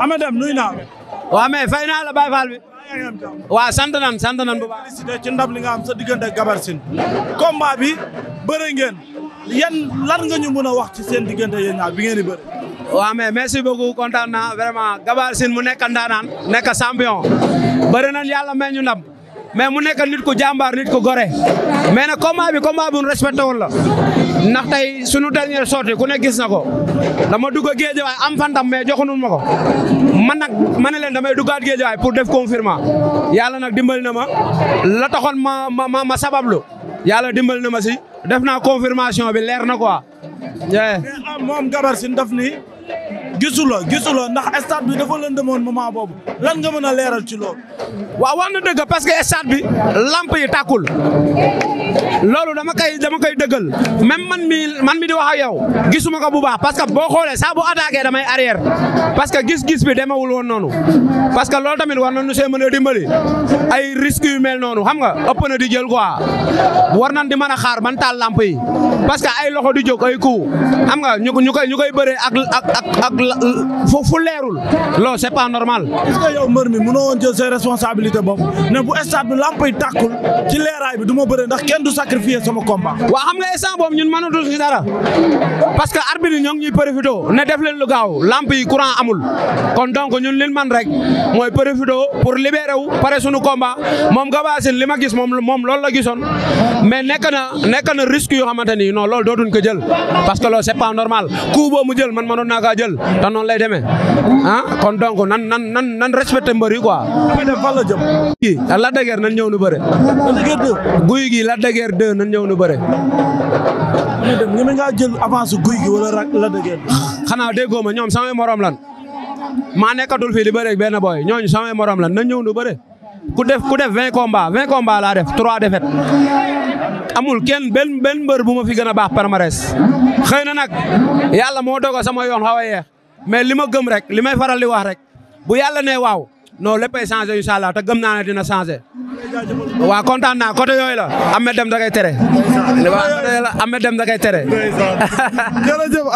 Ama Deme nuyu naa la. waaw mais fay naa la Baye Fall bi. waaw sant nan sant nan bu baax. félicité ci ndam li nga am sa diggante Gabar Sine. combat bi bëre ngeen yan lan nga ñu mën a wax ci seen diggante yéen ñaar bi ngeen di bëre. waaw mais merci beaucoup kontaan naa vraiment Gabar Sine mu nekk ndaanaan nekka champion bëri nañ yàlla may ñu ndam. mais mu nekk nit ku jàmbaar nit ku gore mais na combat bi combat bu ñu respecté woon la ndax tey sunu dernière sortie ku ne gis na ko dama dugg géej waay am fantam mais joxuñu ma ko man nag ma ne leen damay duggaat géej waay pour def confirmation yàlla nag dimbali na ma la taxoon ma ma ma ma sabablu yàlla dimbali na ma si def naa confirmation bi leer na ko a Gabar Sine gisuloo gisuloo nax stade bi dafa lëndëmoon moment boobu lan nga mën a leeral ci loolu. waaw wax na dëgg parce que stade bi lamp yi tàkkul loolu dama koy dama koy dëggal même man mi man mi di wax ak yow gisuma ko bu baax parce que boo xoolee saa bu attaqué damay arrière parce que gis-gis bi demewul woon noonu parce que loolu tamit war na see mën a dimbali ay risques yu mel noonu xam nga ëpp na di jël quoi war nañ di mën a xaar ban taal lamp yi. parce que ay loxo di jóg ay coup xam nga ñu ñu koy ñu koy bëree ak ak ak ak fu leerul loolu c'est pas normal. est-ce que yow mbër mi mënoo woon jël ses responsabilités bopp ne bu stade bi lamp yi ci leeraay bi du ma bëree ndax kenn du sacrifier sama combat. waaw xam nga instant boobu ñun mënatul si dara parce que arbitre ñoo ngi ñuy profité ne def leen lu gaaw lamp yi courant amul kon donc ñun liñ man rek mooy profité pour libérer wu pare sunu combat moom Gabasine li ma gis moom moom loolu la gisoon mais nekk na yoo xamante ni non loolu dootuñ ko jël parce que loolu c'est pas normal coup boobu mu jël man mënoon naa kaa jël te noonu lay demee ah kon donc nan nan nan nan respecté mbër yi quoi. damay dem fan la jëm. guy nan ñëw nu bëre. guy gii Lac de Guiers 2 nan ñëw nu bëre. damay dem ñu ngaa jël avance guy gi wala Lac de Guiers. xanaa déggoo ma ñoom samay morom lan maa nekkatul fii di bëre benn boy ñooñu samay morom lan nan ñëw nu bëre. ku def ku def vingt combats vingt combats laa def trois défaites amul kenn benn benn mbër bu ma fi gën a baax palmarès xëy na nag yàlla moo dogal sama yoon xaw a yeex mais li ma gëm rek li may faral di rek bu yàlla nee waaw non léppay changé incha allah ta gëm naa dina changé. waaw kontaan naa côté yooyu la. Ahmed Deme da koy tere. koy tere.